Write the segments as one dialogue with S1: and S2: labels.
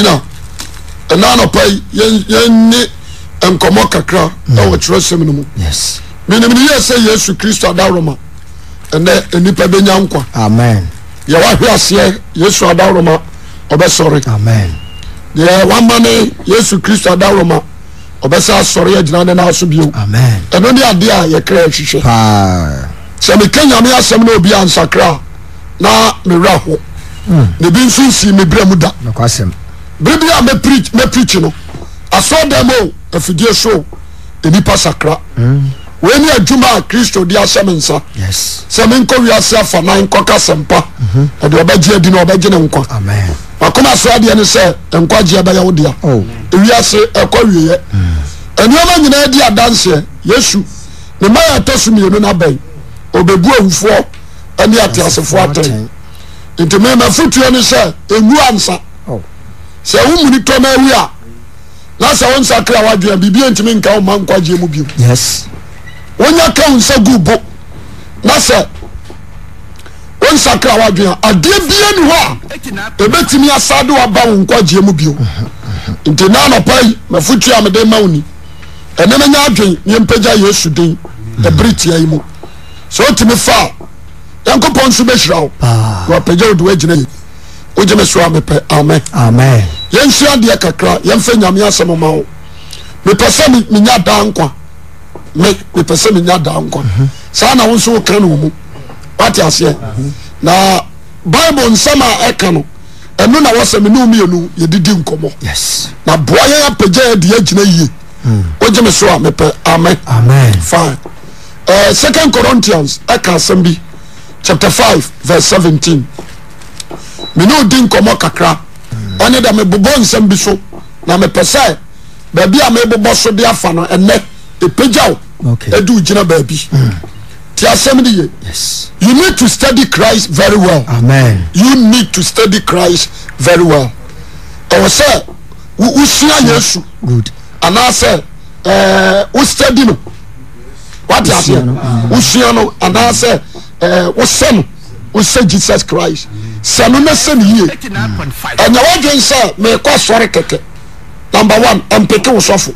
S1: non ɛna anɔpa yi yɛnni nkɔmmɔ kakra mm. ɛwɔ kyerɛsɛm no mu menim ne yɛ sɛ yesu kristo adawroma ɛnɛ nnipa bɛnya nkwa yɛwahwe aseɛ yesu ɔbɛsɔre deɛ wama ne yesu kristo ɔbɛsɛ asɔre agyina ne aso bio ɛno ne adeɛ a yɛkra ahwehwɛ sɛ meka nyame asɛm no obi ansakra na mewerɛ ho mm. ne bere derɛ a mɛ predch no asodam o afiie o npa sakra mm. i awua kristo sa ɛmenɔise faspaeɛene nkwa sdɛ ɛ nkwaɛɛdea sekɔiɛ na yina anɛɔfo ɛ swo muni tonawia nase wonsakra wan bibintimikaankgm b woyakeo nsa gbo nse wonsakra wan adɛ bini ho bɛtimi asade wbao nkogimu bi nti nani mfotamedemani ɛnemnya aden mpgya ysuden bretiam sotimi fa yenkopɔn so beherapyadgi wogeso amep yɛ suadeɛ kakra yɛmfɛ nyame sɛm ma wo mepɛ sɛmeaaɛɛeaɛ mhm. mhm. bible nsam a ɛka no ɛn nawsme nenɛdoa ɛapga dɛginap s corintians ɛka asɛm bi 5 mene odi nkɔmɔ kakra ɔne dɛ mebobɔ nsɛm bi so na mepɛ sɛ baabi a mebobɔ so de afa no ɛnɛ ɛpegyawo duwogyina baabi mm. tiasɛm de ye o vv ɛwɔ sɛ wosua ye su anasɛ wo stdy no ɛwosua anɛ wosɛ o wosɛ jesus christ sɛ no na sɛ ne yie ɛnyɛ wodwen sɛ meekɔ asɔre kɛkɛ number one ɛmpeke wo sɔfo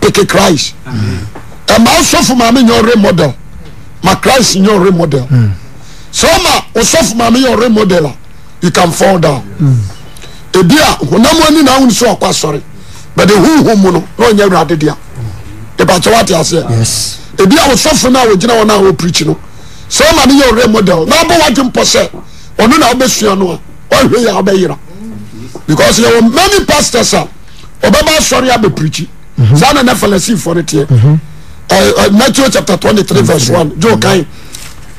S1: peke christ ɛma wo sɔfo maame nyɛ ɔre model ma christ nyɛ ɔre model hmm. sɛ ɔma wo sɔfo maame yɛ ɔre model a you can fall down hmm. ebi a honam ani na ahun so ɔkɔ asɔre but the ehuhu mu no na ɔnyɛ awurade dea ìbàkyɛ wate aseɛ ebi a wo sɔfo na a wogyina wɔn a wɔ preach no sɛ ma ne yɛ ɔrɛ model na wobɔ wagye mpɔ sɛ ɔno na wobɛsua no a ɔhwɛ yɛ wobɛyera because yɛwɔ many pastors a ɔbɛba asɔre abɛpirikyi saa na ne falasifoɔ no teɛ matthew chapter twenty-three, verse 1 jo kan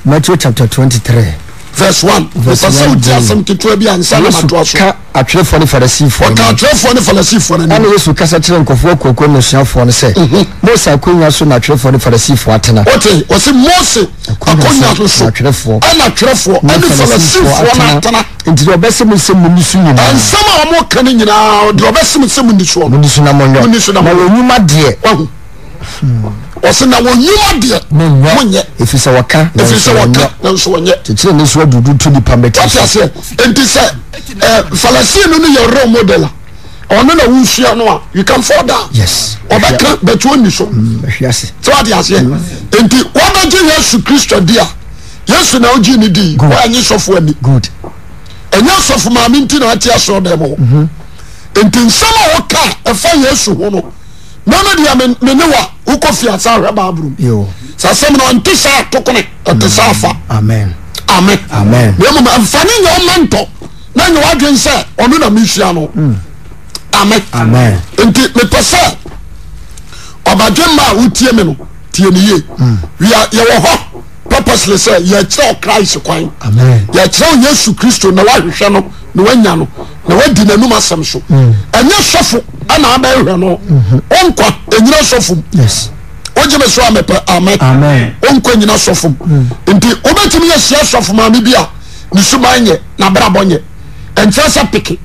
S1: matthew chapter twenty-three. vsɛ wote asɛm ketea biansɛsuska atwerɛfoɔ ne farisfɛfɔ nfrfɔne ɛsu kasa kyerɛ nkɔfuɔ koko nasuafoɔ no sɛ mhm. mos akoa so naatwerɛfoɔ ne farisefoɔ tenamosaɔnɛfɔfɔnbɛsm sɛ munkauma deɛ ɔsɛ na wɔn nyuma deɛ wɔn nyɛ efi sɛ wɔka efi sɛ wɔka nanso wɔn nyɛ titiri ne so adudu tu nipa mɛ ti sɛ eti eh, sɛ ɛɛ falasini no yɛ role model a ɔno na wusua no a you can fall down yes ɔbɛka bɛtu oni so tí mm, wàá di aseɛ mm. nti wàbɛgye yesu kristo di a yesu na ogye ni di wàá nye sɔfo ani ɛnyɛ sɔfo maame nti na ɔte asɔ dɛm o mhm. nti nsɛm a wɔka ɛfa yesu ho no mama deɛ me ne wa wokɔ fie asa hwɛ baaborom sɛ asɛm no ɔnte saa tokone ɔte saa fa amen ame mmom amfane nyɛ ɔma ntɔ na nyɛ wadwen sɛ ɔno na mehyia no hmm. amen. nti mepɛ sɛ ɔbadwe ma a wotie me no tie ne yie hmm. yɛwɔ hɔ purposely sɛ yɛkyerɛ christ kwan yɛkyerɛ yesu kristo na wahwehwɛ no na wanya no na wadi n'anum asɛm so mm. ɛnyɛ sɔfo ɛna abɛhwɛ no mm-hmm. ɔnkɔ ɛnyina sɔfo mu wogye me so amɛpɛ amɛ ɔnkɔ nyina sɔfo mu mm. nti wobɛtumi yɛsia sɔfo maame bi a ne suman nyɛ n'abrabɔ nyɛ ɛnkyerɛ sɛ peke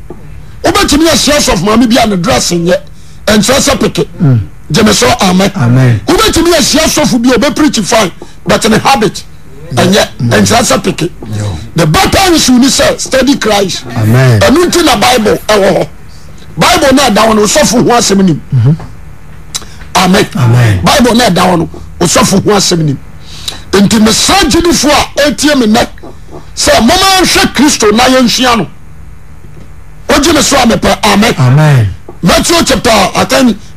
S1: wobɛtumi yɛsia sɔfo maame bi a ne dress nyɛ ɛnkyerɛ sɛ peke mm. misia sfo biobɛprci fain butn habit yɛ nkyirɛ sɛ pike e bataesni sɛ study christ nina bibleagidif mnɛ sɛ momahwɛ kristoa yhia no oge mesoampɛ m matuo caa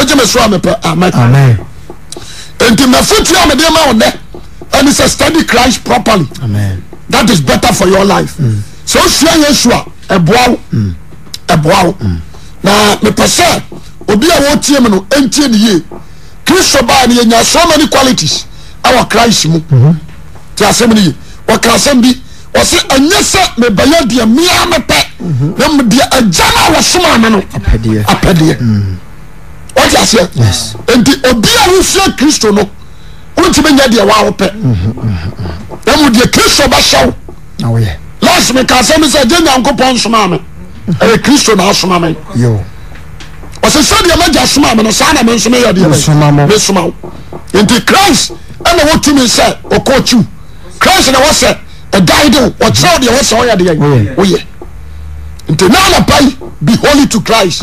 S1: ogyeme soa mepɛ nti mefota medema won ne se study christ properly that is better for your life sspm ny cristo ba nyya so many qualities aw christ mu syse mebayɛ d mia mep gamawsomaame mm-hmm. no apɛde n wosa kristo no ydd kristo ɛsɛw s ekasɛgy yakɔ stdcis asɛki isɛɛyɛ nnp be holy to christ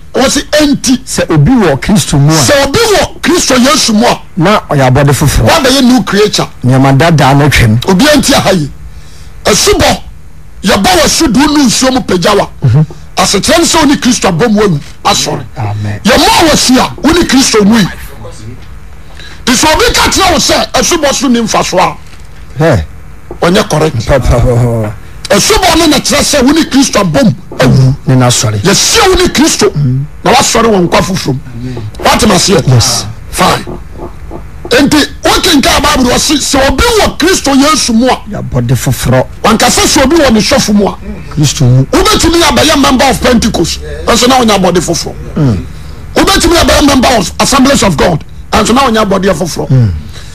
S1: ɛobwɔ kristo yɛsmuaodayɛ ncreatobnti ahayi asubɔ yɛbɔ wɔ asodoo nu nsuomu pagyawa mhm. asekyeɛme sɛ wo ne kristo abɔ mu awu asɔre yɛmɔa wɔ si a wone kristo mu yi i sɛ obi ka tena wo sɛ asubɔ so ni mfa so a ɔnyɛ korrect asobɔ no nekyerɛ sɛ wone kristo abomysi won kristo nawr fofoɔɛeɛowɔ kristo yas mu a fofoasɛ ɛ bwɔ nehfo mu a f assls of g ny fofo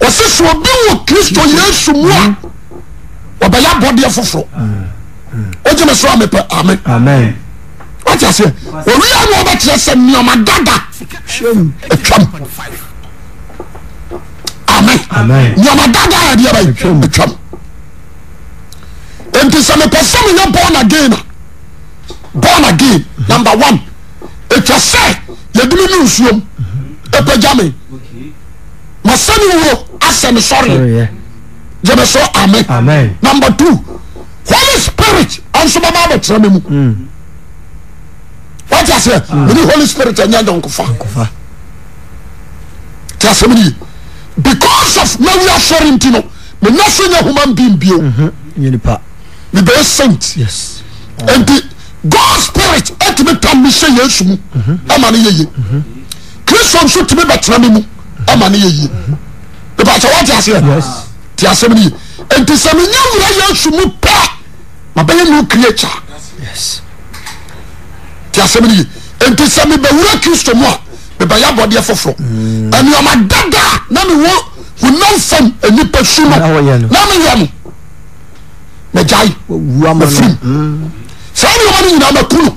S1: osesɛo biwo kristo yesu mua wobɛyabodeɛ foforo oje me seroa mepɛ ame atasɛ oria muobɛkyerɛ se moma daga tam amen moma daga adiɛba twam enti sɛ mepɛ sɛ mine bon againa bon again mhm. numbe one etwa sɛ yedimi nusuom epe gja me asenewo asene sore jemeso am numbe two holy spirit n eteamen mm. ah. holy spirit y because of naisren ensey homa bbo ebe saint nt god spirit e teme tamiseysumu mhm. amnyeye mhm. risno tmeetea amaneye yee mebajawa tiaseye tiasemineye inte se meye wur ye mm. su mu pa mabeye nu okiriye ca tiasemineye inte se mebawur kisto ma mebayabo die foforo aneyoma dada na mewo unafom enipa sumo nameyemo mejai me frim somiyowne yena ma pulo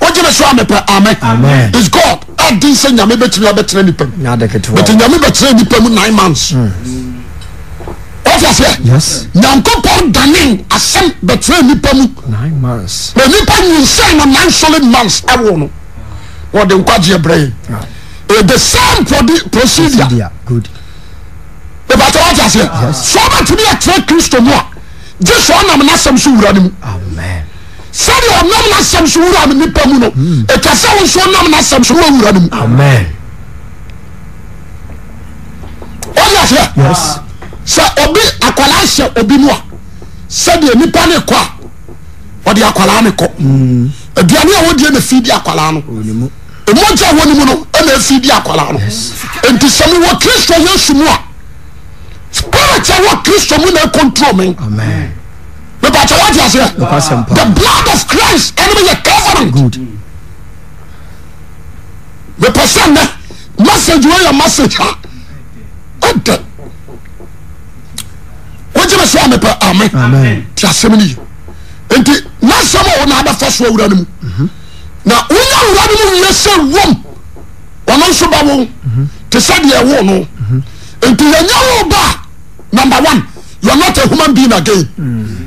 S1: ogyeme oaɛnt faseɛ nyankpɔ dane asɛm bɛteranipa mu hmm. nipa wusɛ no ninsole months awo no dsaprodfsɛ soabɛtumi ɛtera kristo mu a gye soa nam no sɛm so wura ne mu sani ɔnam na asɛm wura mi nipa mu no hmm. etwa sɛ wɔn nso ɔnam na asɛm so wura no mu. amen. ɔyɛ ahyɛ. yes. sɛ obi akwadaa hyɛ obi mu a sɛdeɛ nipa ne kɔ a ɔde akwadaa ne kɔ. Hmm. aduane a wɔde na fi di akwadaa no. emu a wɔn no na efi di akwadaa no. nti sɛm wɔ kristo yesu mu a spirit a wɔ kristo mu na ekontrol mi. amen. the blo of crist enye veant epesenne masgeeyomasha eemesoame ame tasein ent nasemonbefa swawrnm na oyawura nmese mhm. wom wanensobawo mhm. tese dwon mhm. ent eyarba numbe one ynot ahuman beang againe mm.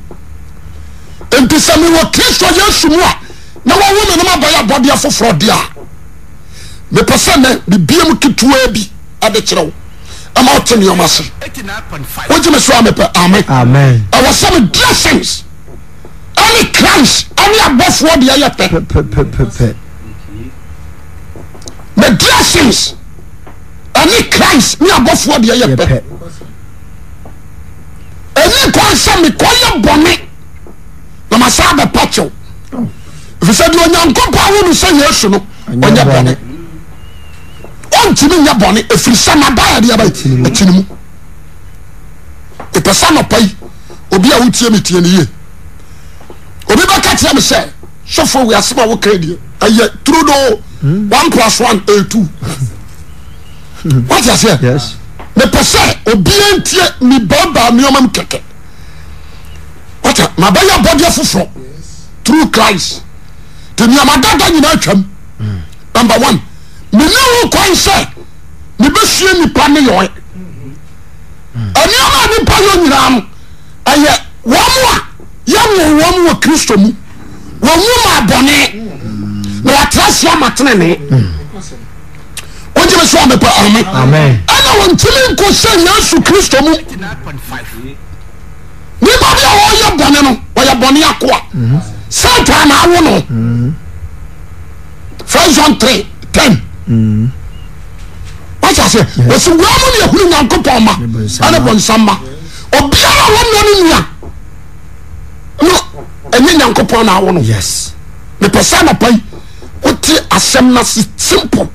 S1: nti sɛ mewɔ kristo yɛ su mu a na wowo menom abayɛ abɔdeɛ foforɔ dea mepɛ sɛ nɛ mebiem ketewaa bi adekyerɛwo ama ɔteneɔmsewogemesoaep ɛwɔsɛme desns an cris nɔ yɛ p medeasens ane cris bɔfoɔ d yɛ ni kn sɛ mekɔyɛ bɔne ma saa bɛpa kyɛo fi sɛ de onyankupɔn honu sɛ yɛ su no ɔnyɛ bɔne ɔntimi yɛ bɔne ɛfiri sa nabayadebaatinimu epɛ sa nɔpai obi a wotie mitieneye obi bɛka tiɛ me sɛ sofo weasma awokdiɛ yɛ turudo hmm? plus 1ne a2 wtasɛ epɛ sɛ obiantie miba ba miɔma mu kekɛ wata mabɛyɛ bɔdeɛ foforɔ through christ nti nneɛma dada nyinaa atwam number one mene ho kwan sɛ mebɛsue nipa ne yɛɔe nneɛma a nipa yɛ nyinaa no ɛyɛ wɔn a yɛwo wɔn wɔ kristo mu wɔn mu ma bɔne na wɔatra se ama tenene wogyeme so a mepɛ ame ɛna wɔntimi nkɔ sɛ yesu kristo mu nipa bia wɔyɛ bɔne no yɛ bɔne akoa santa naawo no fison3 tm wacs swamo ne ahuro nyankopɔn ma anebɔnsam ma ɔbiara womɛ no nua no ɛnye nyankopɔn naawono mepɛ sɛnapai wote asɛm na se simple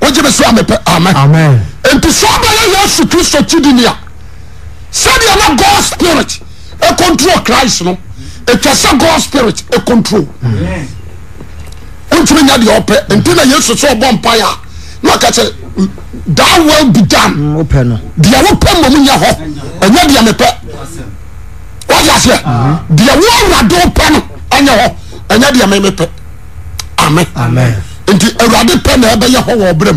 S1: oge ɛsoyɛ yes risto idina sɛdeɛ na go spirit control christ no ɛtwa sɛ go spirit control tii nya deɛwoɛ ntna yɛsu sɛ ɔbɔ pa a a aoy mm, deɛ owewo oɛh ɛny dempɛ nti awurade pɛ na ɛyɛ hrmɛ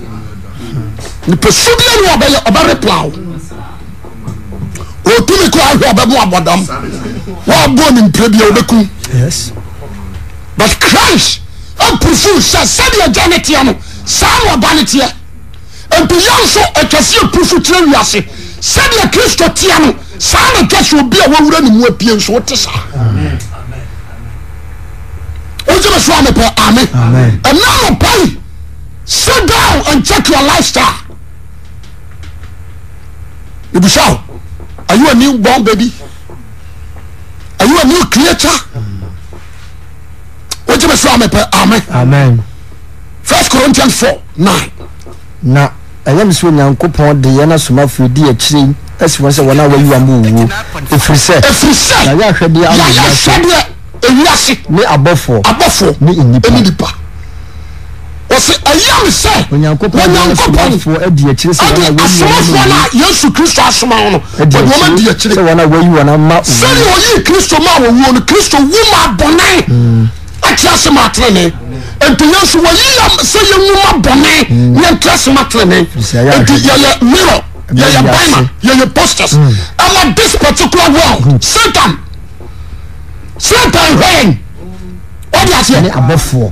S1: a bu crist aprfu sɛ sɛdeɛgyene teɛ no saa nabane teɛ npiyɛ nso ɔtwase pufo terɛ wiase sɛdeɛ kristo teɛ no saane twasɛ obiawa nemuawosamɛo ɛnanɔpai si down an chekyouifestl cɛo cna49 na ɛyɛ me sɛ onyankopɔn de yɛn asomaforɔ de akyirɛ asi fɔ sɛ wɔn a wayuwa mu wuo ɛf ɛyam sɛ onyankopɔn ɛde asomafoɔ no a yesu kristo asoma ho no ɔde ɔma di akyire ɔyii kristo ma wɔwuo no kristo wo ma bɔne akyerɛ hmm. se ma atenene nti yesu wɔyi yam sɛ yɛwu ma bɔne hmm. ne se ma atenene nti yɛyɛ mirror yɛyɛ bima yɛyɛ posters ama hmm. this particular world satan satan hwɛn ɔde aseɛ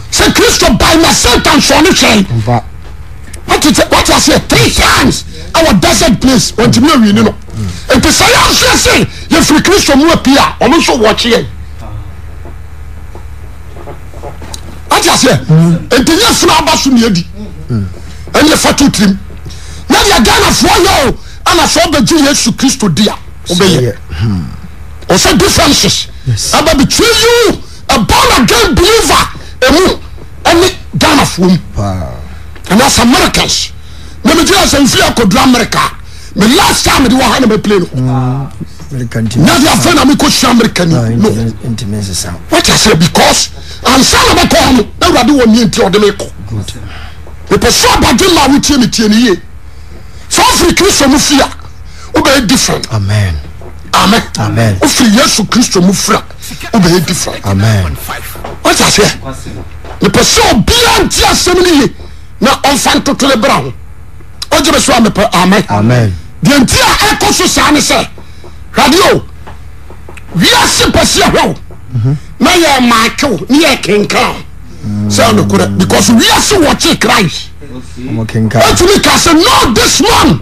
S1: sɛ kristo by na satan sɔɔne hwɛn wate aseɛ three times ɛwɔ desert place ɔntimi awini no nti sɛ yɛasoɛ se yɛfiri kristo mu api a ɔmo nso wɔkyeɛ wate aseɛ nti nyɛ funu aba so neadi ɛnyɛ fa to tirim na deɛ ghanafoɔ yɛ o ana sɛ ɔbɛgye yesu kristo di a wobɛyɛ hmm. ɔsɛ differences aba between you a born again believer mne gana foo anse americas emei semfikodo amerika me lasmhpnnames erkan beause ansanae nmeko eposobaemawotimetien soofre kristo mu fie obe different e ofere yesu risto ts mepɛ sɛ bia nti asɛmi ne ye ne ɔmfa ntotore bra ho ogye be soa mep ama deɛ ntia ako so sane se hadeo wiase pasia ho meyɛ mhm. make neyɛ kenka sɛ ankore mm. because wiase wokhe kraeetimi ka se no disman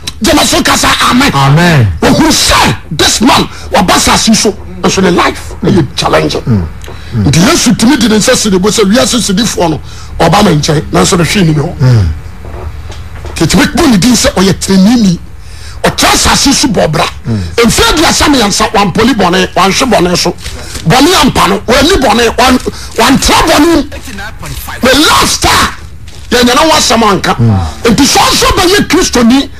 S1: oaasa isman ba ss so oe ɛ challengsu mi ɛ na yaɛ ɛɛ rison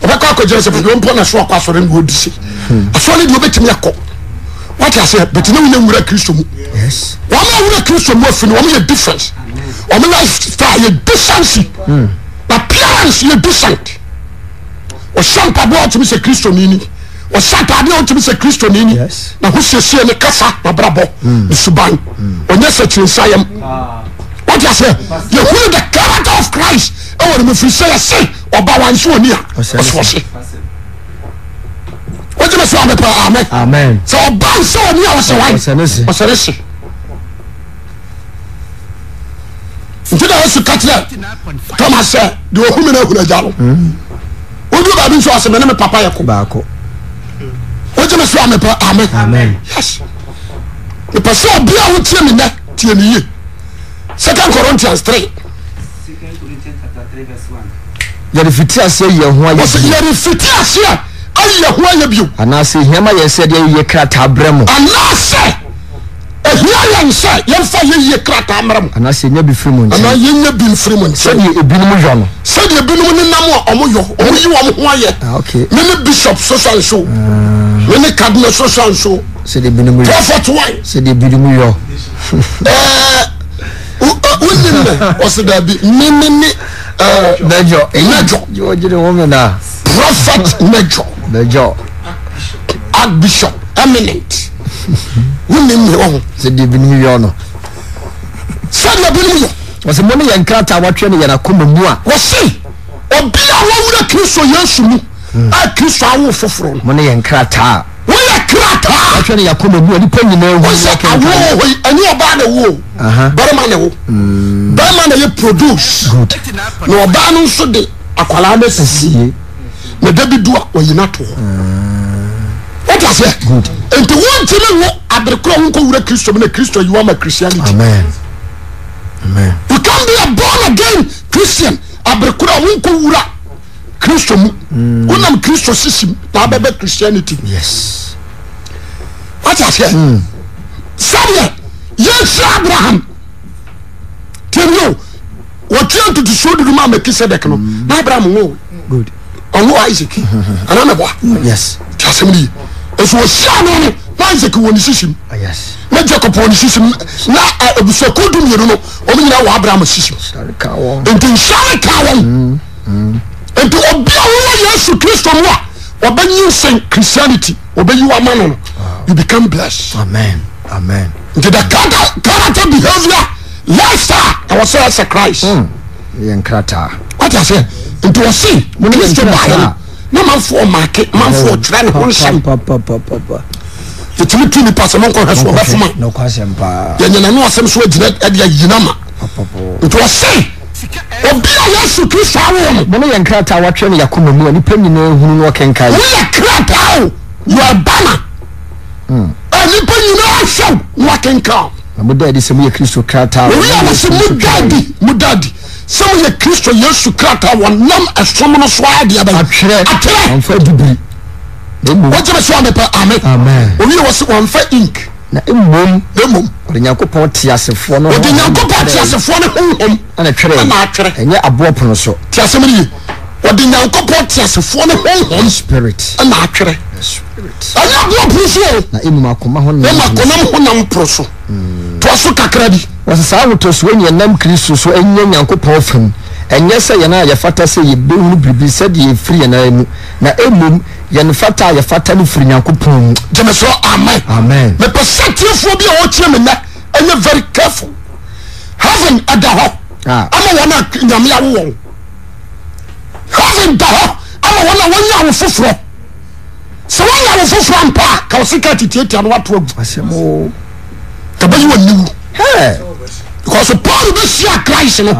S1: ɛtimi uw risto mu ioae aaae sua ye sa krinsam tsɛ yehune the caracter of christ wemefri sɛ yse bawnsɛn s wp sɛansɛn snse tisukarɛ toa sɛ ehmnhgyal d bai ssmne papayɛk gmsop ɛɛ in sd corintians 3 yɛre fitiaseɛ yɛre fitie aseɛ ayiho yɛ b ɛhiama yɛ sɛdeɛɛyekraa r manasɛ hia yɛnsyɛ yɛmfa yɛye kraa r m ɛɛfmyɛa b fimɛɛn sɛdeɛ bnom n nama ɔmɔy oayɛ mn bishop sosuanso mn kadna sosanspt wonim me ɔse daabi meme ne najo najo prophet najo najo archbishop eminent wonim me ɔho sɛ deɛ binom yɛ no sɛdeɛ binom yɛ ɔsɛ mo ne yɛ nkrataa watwɛ no yɛn akoma mu a wɔse obi a wawura kristo yesu mu a kristo awo foforɔ no mo ne yɛ nkrataa ao na mm. nso de akwara nosiena dabida yina isani krita kristo sesia christianity wati aseɛ sɛdeɛ yɛnhyɛ abraham tɛmio wɔtua ntotosuo dudu ma melkisedek no hmm. na abraham wo ɔno oh, isaac anaa mɛboa a asɛm no yi ɛso wɔhyia no no na isaac wɔ ne sisim na jacob wɔ ne sisim na abusuakuo du mmienu no ɔmo nyinaa wɔ abraham sisim nti nhyɛ ne ka wɔn nti obi a wɔwɔ yesu kristo mu a you sɛn christianity ɔbɛyi you ma no you become blessed. amen amen. nti the character character behavior lifestyle ɛwɔ sɛ ɛsɛ christ. Hmm, yɛn krataa. wati ase nti baayɛ no na ma fɔ ɔmaake ma fɔ ɔtwerɛ ne ho nsɛm. yɛtumi tu nipa so agyina ɛde ma nti obi a yesu kristo aw mon yɛ krata woaɛ noy n ni nynmoyɛ krataa o yabama hmm. nipa nyina ahwɛ n wknkaow sɛ muaa sɛ moyɛ kristo yɛsu krataa ɔnam som no so adeɛf d yankpɔn tasfoɔɛ abopno r saa hosoonynam kristo so yɛ nyankopɔn fam ɛnyɛ sɛ yɛnayɛfata sɛ yɛbehuno biribi sɛdeɛ yɛfiri yɛna mu na mo yɛne fata a yɛfata no firi nyankopɔnm gyemeso pɛsɛ tiefuɔ biaɔkye men ɛyɛ vr caefl v da hɔ amanyayawow hya wofoorɔ s ya awofoforɔ mpaa woska tititianwgu kabɛywnnwu because paul bɛ si a christ no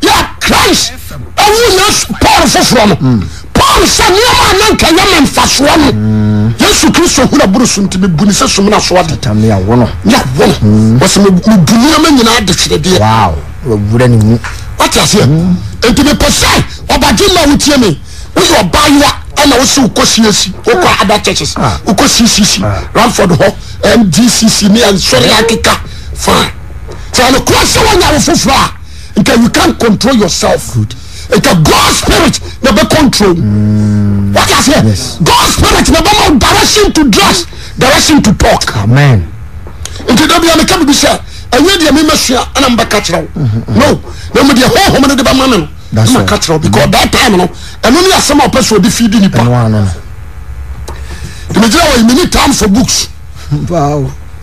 S1: yɛ christ ɛwu na paul foforɔ no hmm. paul sɛ nneɛma a nanka yɛ ma nfasoɔ no hmm. yesu kristo hura buru so nti mebu ne sɛ som no soɔ de yɛwono hmm. wɔsɛ mebu nneɛma nyinaa de hwerɛdeɛ wate aseɛ enti mepɛ sɛ ɔbagye ma wotie me woyɛ ɔbayewa ɛna wosi wokɔ siesi wokɔ ada ah. churches ah. wokɔ ccc ah. ramford hɔ mdcc ne ansɔre akeka fine nkra sɛ wonya wo foforɔ a nka you can control yourself na god spirit nabɛontrolgd spiritaɛ direcon to dresiction oa a bibisɛ wedemsuanaɛka kerɛndho de bɛaneoɛ uamɛdfdnigyerɛmani tim for books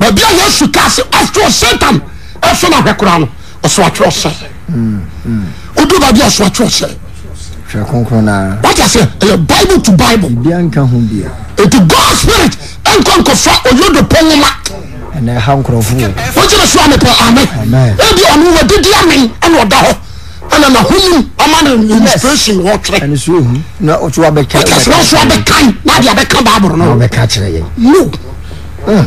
S1: baabi a yesu ka ase afro satan ɛso na ahwɛ koraa no ɔso atwerɛ sɛ odu baabi a ɔso atwerɛ sɛ wata sɛ ɛyɛ bible to bible eti god spirit ɛnkɔ nkɔfa oyodo pɔnwoma wogyina so a mepɛ amen ebi ɔno wadidi amen ɛna ɔda hɔ ɛna nahonim ama no inspiration wɔtwerɛ wata sɛ wɔso abɛkan na ade abɛka bible no no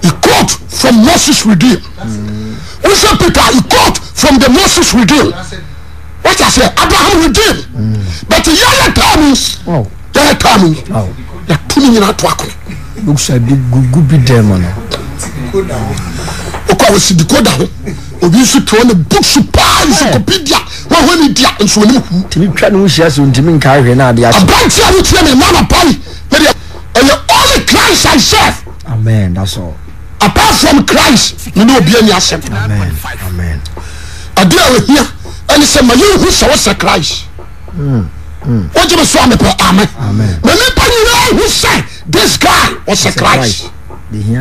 S1: uynad bo coedad apart from christ mene ɔbi ni asɛm5 deahia ne sɛ mayɛhu sɛ wosɛ christ wokyemesoamepɛ m manipa u sɛ tis guy wɔsɛ cris ni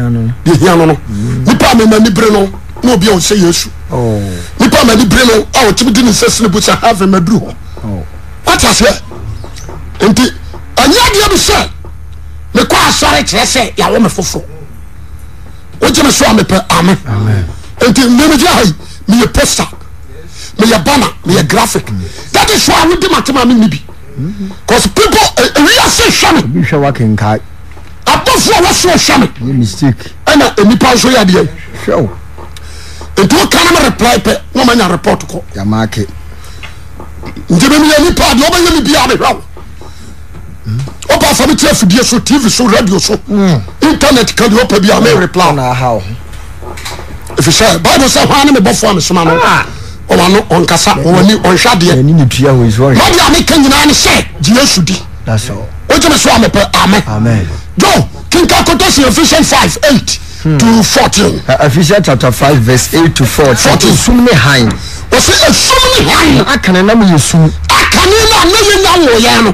S1: anyadeɛ mu sɛ mekɔ sɔre kyerɛ sɛ yɛwo me foforɔ emesomepe m ntnmeh meye poster meye bana meye graphic tatis wywedemtmmenebib el wise me waso amen nip sdntkn eply ye mniyemb wọ́n bá sami tiẹ̀ fìdíẹ̀ so tv so radio so internet kan di wọ́n pẹ̀ bi àmì reply. efisɛ bible sɛ hwan ne me bɔfoɔ a mesoma no ɔwano ɔnkasa ɔwani ɔnhwadeɛ made a meka nyinaa ne sɛ gye yesu di wogyeme so a mepɛ amɛ jo kenka kotosi efesian 5 8 to 14 uh, efesian chapter 5 verse 8 to 14 esum ne han wɔsɛ esum ne han akane na meyɛ sum akane na na yɛnya wɔyɛ no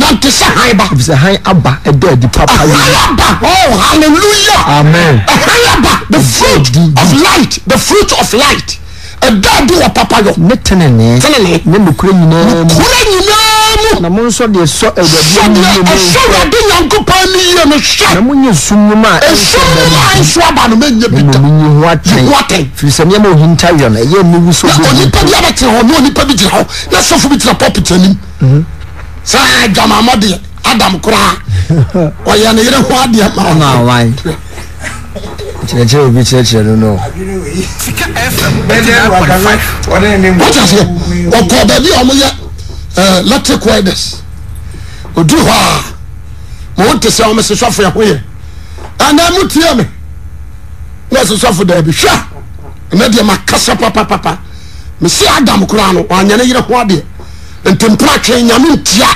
S1: ɛ ba ae oh, frui of liht aa yinaamuded yankɔ y oy s bany ne n ia f biaon sa dwama mɔdeɛ adam koraa ɔyɛ ne yere ho adeɛ masɛ ɔkɔ ba bia o moyɛ latiqoides odu hɔa moote sɛ womesesuafo ɛhoyɛ ana mutie me ne sesuafo daabihwa ɛna deɛ makasɛ papa mese adam koraa no ayane yere ho adeɛ nti pra te nyame ntia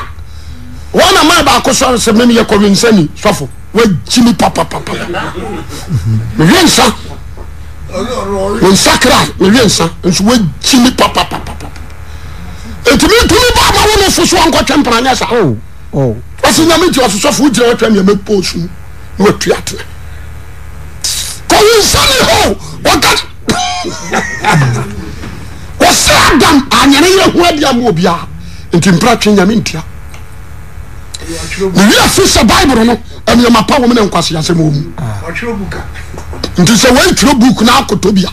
S1: ana ma bako sorsmɛ nsan f m am nti mt b n sosotwe praaan sa a yayer hbmb ntimpra twe nyame ntiaewia fesɛ bible no nuama paoe kseyasɛ ntisɛ wtwirɛ bk nɔbia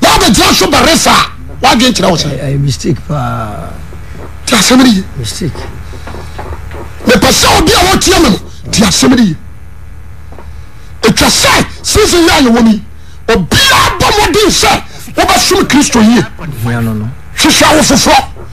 S1: nabegia so baresea wde kyerɛo asɛreye epɛ sɛ obia wotia muno ti asɛmre ye twa sɛ season yeaywomeyi obiabambe sɛ wobɛsom kristo yie hwehwɛ wo foforɔ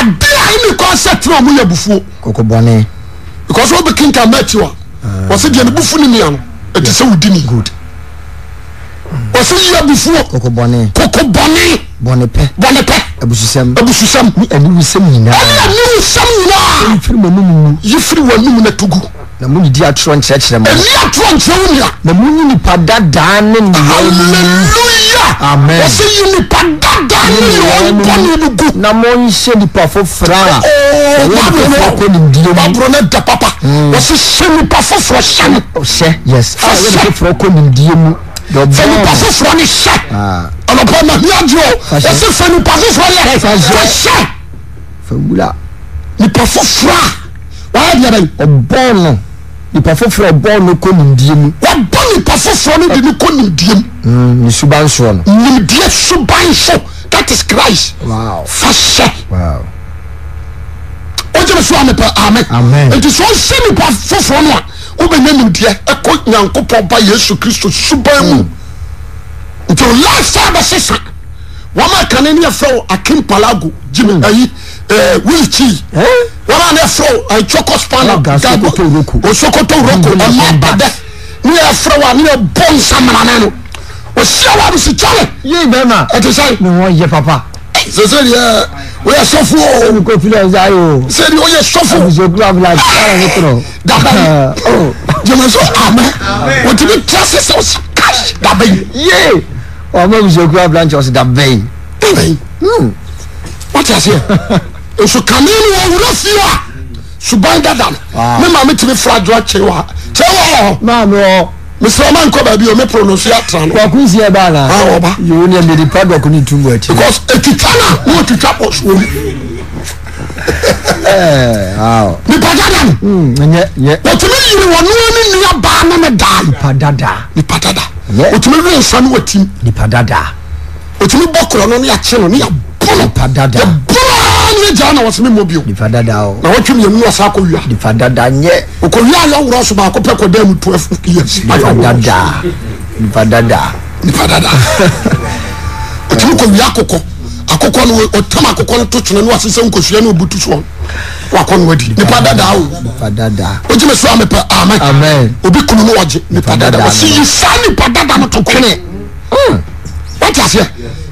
S1: ade a ɛne kɔ sɛ tena ɔmo yɛ bufuo koko bɔne because wɔn bɛ kinka mɛkyi wa wɔsi deɛ ne bufu ne mia no ɛti sɛ wodi ni good wɔsi yɛ bufuo koko bɔne koko bɔne bɔne pɛ bɔne pɛ abususɛm abususɛm ni ɛni wisɛm nyinaa ɛni ɛni wisɛm nyinaa yifiri wɔn numu yifiri wɔn numu na tugu. o nyerɛ o nupa ɛ npaoɛ nupa fofr npa ofor ne hɛ pa o npafo wàhálà yàrá yìí ọ̀bọ́n no nipa foforɔ ɔbɔn no kɔ nimdie mu. wabɔ nipa foforɔ no de ne kɔ nimdie mu. Hmm, ni suba nsoɔ no. nimdie suba nso that is christ. wow fa hyɛ. wow o jẹ́ sọ àmì pẹ̀ amẹ́. amen nti sọ ṣe nipa foforɔ no a o bɛ nye nimdie ɛkɔ nyankopɔ ba yesu kristo suba mu nti hmm. o laasaa bɛ sisan wɔn a kan ní ɛfɛ o akinpalago jimmy ayi ɛɛ wilkyi. Eh? wọn na eforo etsoko spana gago osokoto roko ọmọ abadẹ ni yẹ wa ni yẹ bọ nsamana nanu osi awa bisi kyale. yé bẹ́ẹ̀ma ẹ ti sẹ́yìn. ni wọ́n yẹ papa. sese yẹ o yẹ sọfún o. sẹ́ni kò fi lọ́ọ́ sáyé o. sẹ́ni o yẹ sọfún. àbùsọ̀ kúrò àbúlà kára ah! oh. ní tọrọ. daba yi jẹmọsọ amẹ o ti bi tẹ sẹsẹ o si káyì daba yi. yé ọmọ àbùsọ̀ kúrò àbúlà ń sọ sí yi. daba yi wọ́n ti à se yẹ nso kane no wɔwura fie a suban dada no me ma metumi fra adwoa kyɛ wɔ kyɛ wɔ maame mesrɛ ma nkɔ baabi o me pro no so yɛatra no wako sie ba na wɔba yɛwo ne mede pa dɔko ne tum akyi because ɛtwitwa no na wɔtwitwa pɔ soɔ mu nipa dada no wɔtumi yiri wɔ noa ne nnua baa no ne daa nipa dada nipa dada wɔtumi we nsa no watim nipa dada wɔtumi bɔ korɔ no ne yɛkye no ne yɛbɔ no nipa dada ne gyaa na wɔsɛmɛ mɔ bio nifa dada o na wɔtwe mmienu wɔ saa akɔ wia nifa dada nyɛ okɔ wia a yɛworɔ so baako kɔ dɛm twelve years nifa dada nifa dada nifa dada ɔtumi kɔ wia akɔkɔ akɔkɔ no ɔtam akɔkɔ no to twene no asesɛ nkosua no ɔbutu soɔ wakɔ no adi nipa dada o nipa dada wogyeme so a mepɛ amen amen obi kunu no wɔgye nipa dada wɔsi yi saa nipa dada no to kwene hmm. wate aseɛ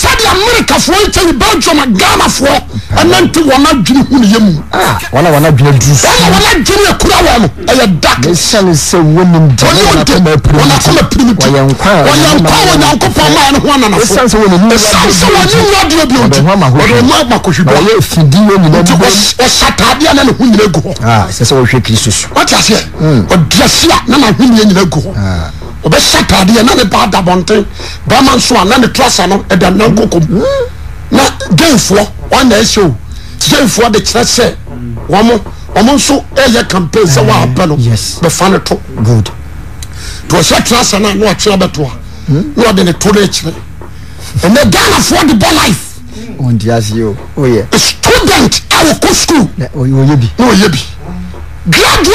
S1: sade amerikafoɔ ntɛrebelgiuma ghanafoɔ ɛna nti wɔne adwene hu nea mumne wane agwene akura wa no ɛyɛ daknnkma pirimu yɛnka wonyankopɔn maɛno ho ananafosane sɛ woanim no adeɛbioodideho makhɛbt ɔhsyataadeɛ na ne ho nyina agu hɔwaseɛ ɔdeasea na na honeɛ nyina agu hɔ ah. bɛsatadeɛ nane badab bama nso nane case n dna fɛf dkyeɛɛyɛcampan sɛɛɛeasnnafoɔ de bɔif stdent ao scln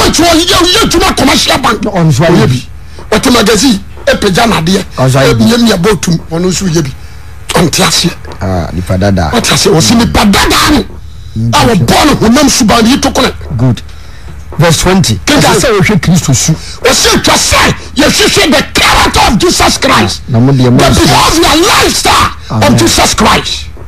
S1: graateɛ wma coeca bank wte magasine ɛpagya naadeɛ miamiabɔtum ɔn nso ia bi ntaɛɛ s ah, nipa dadaa no a wɔbɔ no honam subadei to konasetwa sa yɛhweswe the character of jesus christbu because yoa life starof jesus christ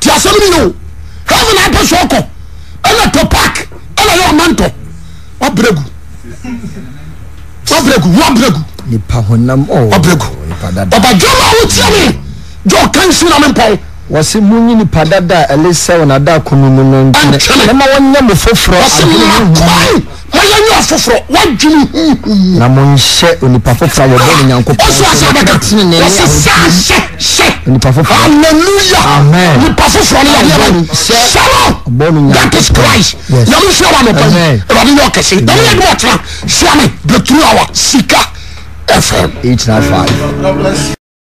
S1: tí a sẹ́mi yìí o heaven náà pèsè ọkọ̀ ẹnna tó park ẹnna yọ ọmọ ntọ wà bẹrẹgù wà bẹrẹgù wà bẹrẹgù. nípa honam ọ̀ọ́ ọ̀bẹrẹgù ọ̀bàjọ́ máa wò tiẹ̀ mi jọ kẹ́hìn wɔsi mu nyi nipa dada a ɛle sɛ wɔn ada kunu mu no ntene ɛma wɔn nyɛ mo foforɔ adwene huhu wɔyɛ nyɛ foforɔ wɔadwene huhu na mo nhyɛ onipa foforɔ a wɔbɔ ne nyanko pɔn ɔsɔ asɛ bɛka wɔsi sɛ ahyɛ hyɛ onipa foforɔ hallelujah amen nipa foforɔ no yɛ yɛ hyɛ sɛlɔ ɔbɔ ne nyanko that is christ nyame hyɛ wa mo pɛn ɛwɛde yɛ ɔkɛse nyame yɛ de wɔtena hyɛ me breakthrough hour sika fm eight nine five.